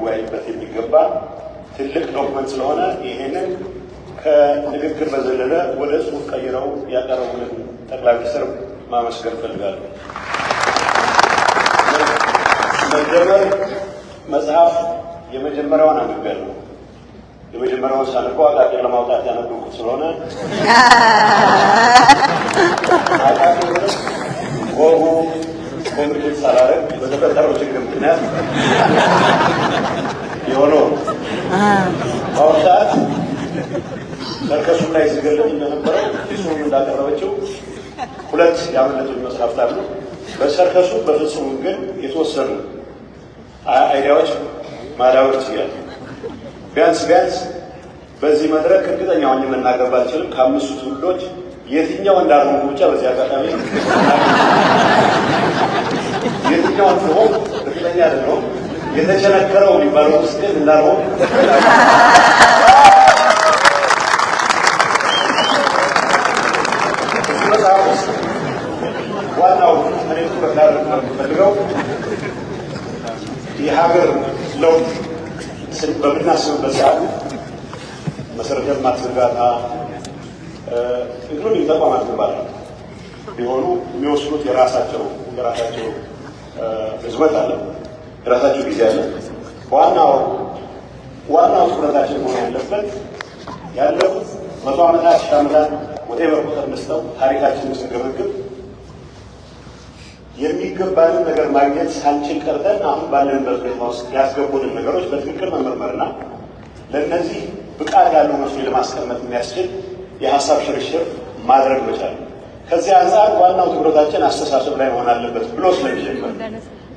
ልንወያይበት የሚገባ ትልቅ ዶክመንት ስለሆነ ይህንን ከንግግር በዘለለ ወደ ጽሁፍ ቀይረው ያቀረቡልን ጠቅላይ ሚኒስትር ማመስገን ፈልጋለሁ። መጀመር መጽሐፍ የመጀመሪያውን አንብቤ ነው። የመጀመሪያውን ሳነበው አቃቂር ለማውጣት ያነበብኩት ስለሆነ ወሩ ከምርት ሳላረግ በተፈጠረው ችግር ምክንያት የሆነው በአሁኑ ሰዓት ሰርከሱ ላይ ሲገለጥ እንደነበረው ሱ እንዳቀረበችው ሁለት ያመለጡ መጽሐፍት አሉ። በሰርከሱ በፍጹም ግን የተወሰኑ አይዲያዎች ማዳበር ችያል። ቢያንስ ቢያንስ በዚህ መድረክ እርግጠኛ ሆኜ መናገር ባልችልም ከአምስቱ ትውልዶች የትኛው እንዳልሆንኩ ብቻ በዚህ አጋጣሚ የትኛው እንደሆን እርግጠኛ አይደለሁም። የተቸነከረው የሚባለው ውስጥ ግን እንዳልሆን የሀገር ለውጥ በምናስብበት ሰዓት መሰረተ ልማት ዝርጋታ ኢንክሉዲንግ ተቋማት ግንባታ ቢሆኑ የሚወስዱት የራሳቸው የራሳቸው ህዝበት አለ፣ የራሳቸው ጊዜ አለ። ዋናው ዋናው ትኩረታችን መሆን ያለበት ያለፉት መቶ ዓመታት ሺህ ዓመታት ወደ በርቆጠር መስጠው ታሪካችን ውስጥ የሚገባንን ነገር ማግኘት ሳንችል ቀርተን አሁን ባለንበት ሁኔታ ውስጥ ያስገቡንን ነገሮች በትክክል መመርመርና ለእነዚህ ብቃት ያለው መስሎ ለማስቀመጥ የሚያስችል የሀሳብ ሽርሽር ማድረግ መቻል ከዚህ አንጻር ዋናው ትኩረታችን አስተሳሰብ ላይ መሆን አለበት ብሎ ስለሚጀምር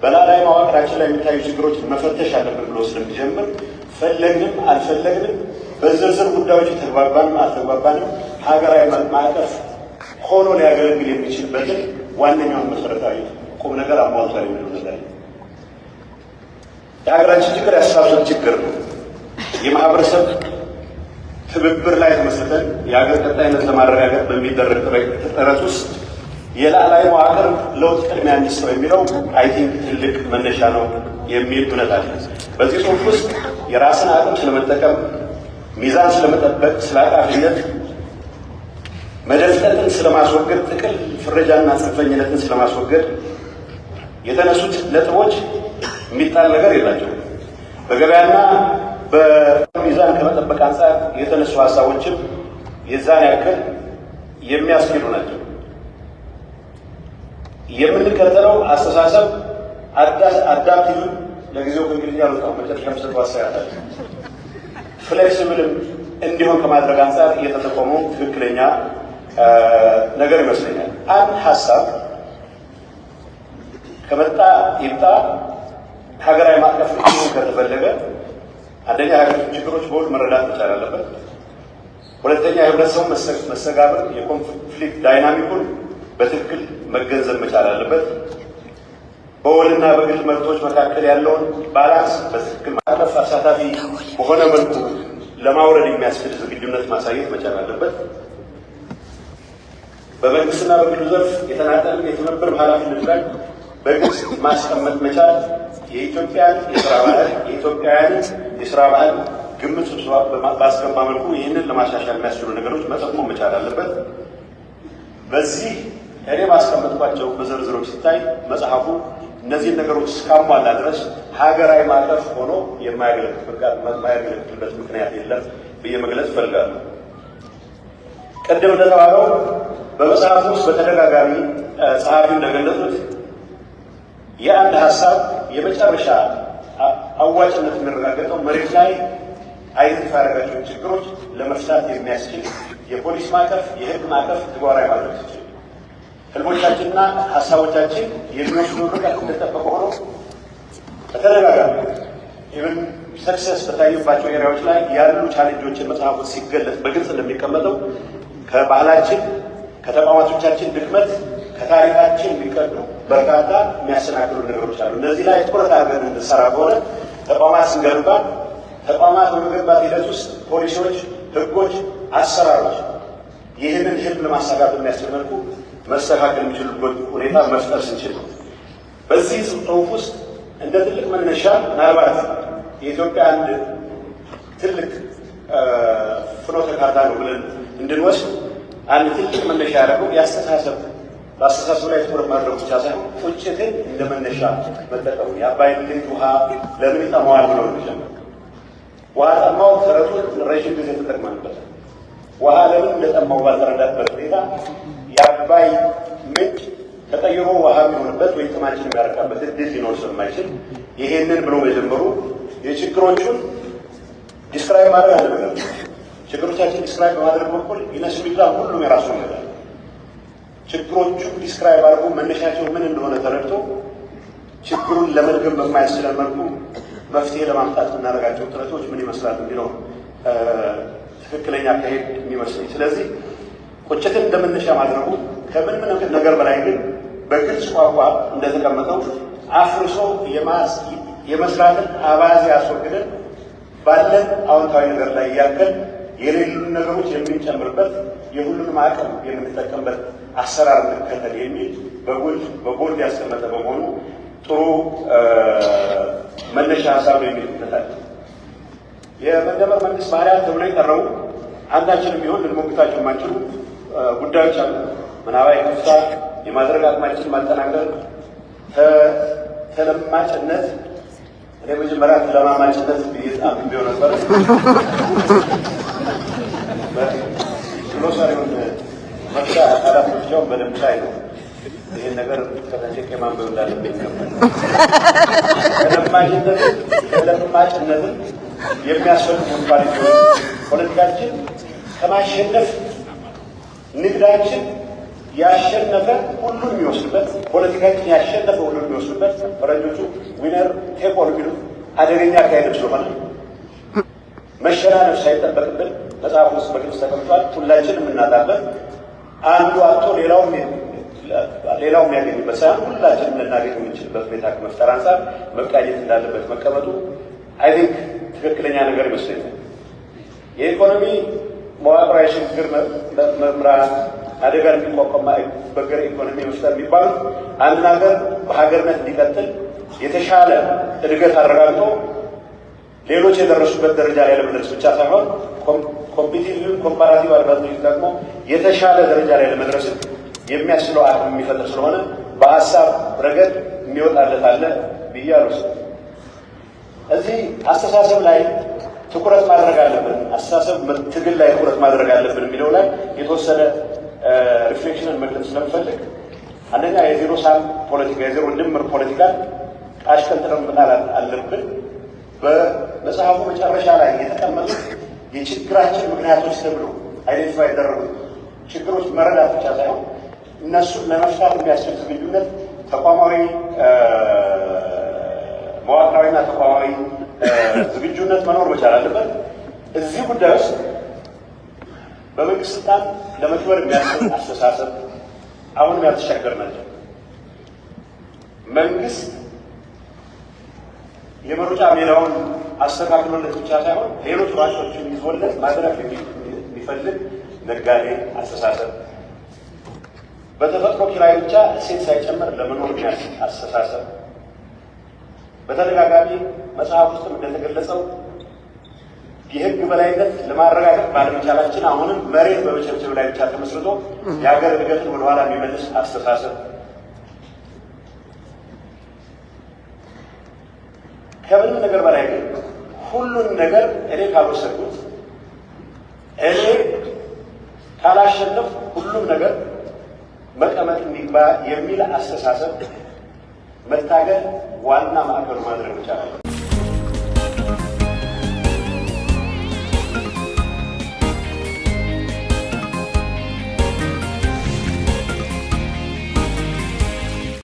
በላላይ መዋቅራችን ላይ የሚታዩ ችግሮችን መፈተሽ አለብን ብሎ ስለሚጀምር ፈለግንም አልፈለግንም በዝርዝር ጉዳዮች ተግባባንም አልተግባባንም ሀገራዊ ማዕቀፍ ሆኖ ሊያገለግል የሚችልበትን ዋነኛውን መሰረታዊ ቁም ነገር አሟልቷል የሚሉ ነገር የሀገራችን ችግር ያስተሳሰብ ችግር ነው። የማህበረሰብ ትብብር ላይ ተመስርተን የሀገር ቀጣይነት ለማረጋገጥ በሚደረግ ጥረት ውስጥ የላዕላይ መዋቅር ለውጥ ቅድሚያ እንዲሰጠው የሚለው አይ ቲንክ ትልቅ መነሻ ነው የሚል እውነት አለ። በዚህ ጽሁፍ ውስጥ የራስን አቅም ስለመጠቀም፣ ሚዛን ስለመጠበቅ፣ ስለ አቃፊነት፣ መደፍጠትን ስለማስወገድ፣ ጥቅል ፍረጃና ጽንፈኝነትን ስለማስወገድ የተነሱት ነጥቦች የሚጣል ነገር የላቸውም። በገበያና በሚዛን ከመጠበቅ አንጻር የተነሱ ሀሳቦችም የዛን ያክል የሚያስኬዱ ናቸው። የምንከተለው አስተሳሰብ አዳፕቲቭ ለጊዜው ከእንግሊዝ ያልወጣው መጨረሻ ምስል ዋሳያላል ፍሌክሲብልም እንዲሆን ከማድረግ አንጻር እየተጠቆሙ ትክክለኛ ነገር ይመስለኛል። አንድ ሀሳብ ከመጣ ይምጣ ሀገራዊ ማዕቀፍ ከተፈለገ አንደኛ የሀገሪቱ ችግሮች በሁሉ መረዳት መቻል አለበት። ሁለተኛ የህብረተሰቡ መስተጋብር የኮንፍሊክት ዳይናሚኩን በትክክል መገንዘብ መቻል አለበት። በወልና በግል መብቶች መካከል ያለውን ባላንስ በትክክል ማለፍ አሳታፊ በሆነ መልኩ ለማውረድ የሚያስችል ዝግጁነት ማሳየት መቻል አለበት። በመንግስትና በግሉ ዘርፍ የተናጠል የትብብር ኃላፊነት ላይ በግልጽ ማስቀመጥ መቻል የኢትዮጵያን የስራ ባህል የኢትዮጵያን የስራ ባህል ግምት ስብሰባ ባስገባ መልኩ ይህንን ለማሻሻል የሚያስችሉ ነገሮች መጠቆም መቻል አለበት። በዚህ እኔ ማስቀመጥኳቸው በዝርዝሮች ሲታይ መጽሐፉ እነዚህን ነገሮች እስካሟላ ድረስ ሀገራዊ ማዕቀፍ ሆኖ የማያገለግልበት ምክንያት የለም ብዬ መግለጽ እፈልጋለሁ። ቅድም እንደተባለው በመጽሐፉ ውስጥ በተደጋጋሚ ጸሐፊ እንደገለጹት የአንድ ሀሳብ የመጨረሻ አዋጭነት የሚረጋገጠው መሬት ላይ አይደንቲፋይ ያደረጋቸውን ችግሮች ለመፍታት የሚያስችል የፖሊስ ማዕቀፍ፣ የህግ ማዕቀፍ ተግባራዊ ማድረግ ሲችል ህልቦቻችንና ሀሳቦቻችን የሚወስዱ ርቀት እንደጠበቀ ሆኖ በተደጋጋሚ ኢቨን ሰክሰስ በታዩባቸው ኤሪያዎች ላይ ያሉ ቻሌንጆችን መጽሐፉ ሲገለጽ በግልጽ እንደሚቀመጠው ከባህላችን ከተቋማቶቻችን ድክመት ከታሪካችን የሚቀዱ በርካታ የሚያሰናክሉ ነገሮች አሉ። እነዚህ ላይ ትኩረት አድርገን እንድንሰራ ከሆነ ተቋማት ስንገነባ ተቋማት በመገንባት ሂደት ውስጥ ፖሊሲዎች፣ ህጎች፣ አሰራሮች ይህንን ህልም ለማሳካት በሚያስችል መልኩ መስተካከል የሚችሉበት ሁኔታ መፍጠር ስንችል ነው። በዚህ ጽሑፍ ውስጥ እንደ ትልቅ መነሻ ምናልባት የኢትዮጵያ አንድ ትልቅ ፍኖተ ካርታ ነው ብለን እንድንወስድ አንድ ትልቅ መነሻ ያደረገው ያስተሳሰብ በአስተሳሰብ ላይ ትኩረት ማድረግ ብቻ ሳይሆን ቁጭትን እንደ መነሻ መጠቀሙ የአባይ ምድሪት ውሃ ለምን ጠማዋል ብለው ጀመር። ውሃ ጠማው ተረቱ ረዥም ጊዜ ተጠቅመንበት ውሃ ለምን እንደጠማው ባልተረዳበት ሁኔታ የአባይ ምንጭ ተጠይሮ ውሃ የሚሆንበት ወይ ጥማችን የሚያረካበት እድል ሊኖር ስለማይችል ይሄንን ብሎ መጀመሩ የችግሮቹን ዲስክራይብ ማድረግ አለመለም ችግሮቻችን ዲስክራይብ በማድረግ በኩል ይነስ የሚባል ሁሉም የራሱ ነገር ችግሮቹን ዲስክራይብ አድርጎ መነሻቸው ምን እንደሆነ ተረድቶ ችግሩን ለመድገም በማያስችለን መልኩ መፍትሄ ለማምጣት የምናደርጋቸው ጥረቶች ምን ይመስላል የሚለው ትክክለኛ አካሄድ የሚመስለኝ። ስለዚህ ቁጭትን እንደመነሻ ማድረጉ ከምን ምን ነገር በላይ ግን በግልጽ ቋንቋ እንደተቀመጠው አፍርሶ የመስራትን አባዜ አስወግደን ባለን አዎንታዊ ነገር ላይ እያገል የሌሉን ነገሮች የምንጨምርበት የሁሉንም አቅም የምንጠቀምበት አሰራር እንከተል የሚል በቦርድ ያስቀመጠ በመሆኑ ጥሩ መነሻ ሀሳብ ነው የሚል እምነት የመደመር መንግስት ባህሪያት ተብሎ የቀረቡ አንዳችንም ቢሆን ልንሞግታቸው የማንችሉ ጉዳዮች አሉ። ምናባዊ ክፍታ የማድረግ አቅማችን ማጠናከር፣ ተለማጭነት መጀመሪያ ተለማማጭነት ቢሆን ነበረ ሎሳሪ መፍቻ አላቶቻውን በደንብ ላይ ነው። ይህን ነገር ከተቼክ የማንበብ እንዳለብኝ ይገባል። ተለማጭነትን ተለማጭነትን የሚያስፈልጉ ኳሊቲዎች ፖለቲካችን ከማሸነፍ ንግዳችን ያሸነፈ ሁሉም የሚወስድበት ፖለቲካችን ያሸነፈ ሁሉም የሚወስድበት ፈረንጆቹ ዊነር ቴክ ኦል ቢሉ አደገኛ አካሄድም ስለሆነ መሸናነፍ ሳይጠበቅብን መጽሐፍ ውስጥ በግልጽ ተቀምጧል። ሁላችን የምናጣበት አንዱ አቶ ሌላውም ሌላው የሚያገኝበት ሳይሆን ሁላችንም ልናገኝ የምንችልበት ሁኔታ ከመፍጠር አንጻር መቃኘት እንዳለበት መቀመጡ አይ ቲንክ ትክክለኛ ነገር ይመስለኛል። የኢኮኖሚ መዋቅራዊ ሽግግር መምራት አደጋ የሚቋቋም በገር ኢኮኖሚ መፍጠር የሚባሉ አንድን ሀገር በሀገርነት እንዲቀጥል የተሻለ እድገት አረጋግጦ ሌሎች የደረሱበት ደረጃ ላይ ለመድረስ ብቻ ሳይሆን ኮምፒቲቲቭ ኮምፓራቲቭ አድቫንቴጅ ደግሞ የተሻለ ደረጃ ላይ ለመድረስም የሚያስችለው አቅም የሚፈጥር ስለሆነ በሀሳብ ረገድ የሚወጣለት አለ ብያሉ። እዚህ አስተሳሰብ ላይ ትኩረት ማድረግ አለብን፣ አስተሳሰብ ትግል ላይ ትኩረት ማድረግ አለብን የሚለው ላይ የተወሰነ ሪፍሌክሽንን መግለጽ ስለምፈልግ አንደኛ የዜሮ ሳም ፖለቲካ የዜሮ ድምር ፖለቲካ ቃሽ ቀንጥረን መጣል አለብን። በመጽሐፉ መጨረሻ ላይ የተቀመጡት የችግራችን ምክንያቶች ተብሎ አይደንቲፋይ ያደረጉት ችግሮች መረዳት ብቻ ሳይሆን እነሱን ለመፍታት የሚያስችል ዝግጁነት ተቋማዊ መዋቅራዊና ተቋማዊ ዝግጁነት መኖር መቻል አለበት። እዚህ ጉዳይ ውስጥ በመንግስት ስልጣን ለመክበር የሚያስችል አስተሳሰብ አሁንም ያልተሻገር ናቸው መንግስት የመሮጫ ሜዳውን አስተካክሎለት ብቻ ሳይሆን ሌሎች ሯጮችን ይዞለት ማድረግ የሚፈልግ ነጋዴ አስተሳሰብ፣ በተፈጥሮ ኪራይ ብቻ እሴት ሳይጨምር ለመኖር የሚያስችል አስተሳሰብ። በተደጋጋሚ መጽሐፍ ውስጥም እንደተገለጸው የሕግ በላይነት ለማረጋገጥ ባለመቻላችን አሁንም መሬት በመቸብቸብ ላይ ብቻ ተመስርቶ የሀገር እድገትን ወደኋላ የሚመልስ አስተሳሰብ ከምንም ነገር በላይ ግን ሁሉን ነገር እኔ ካልወሰድኩት፣ እኔ ካላሸነፍ ሁሉም ነገር መቀመጥ የሚባ የሚል አስተሳሰብ መታገል ዋና ማዕከሉ ማድረግ ይቻላል።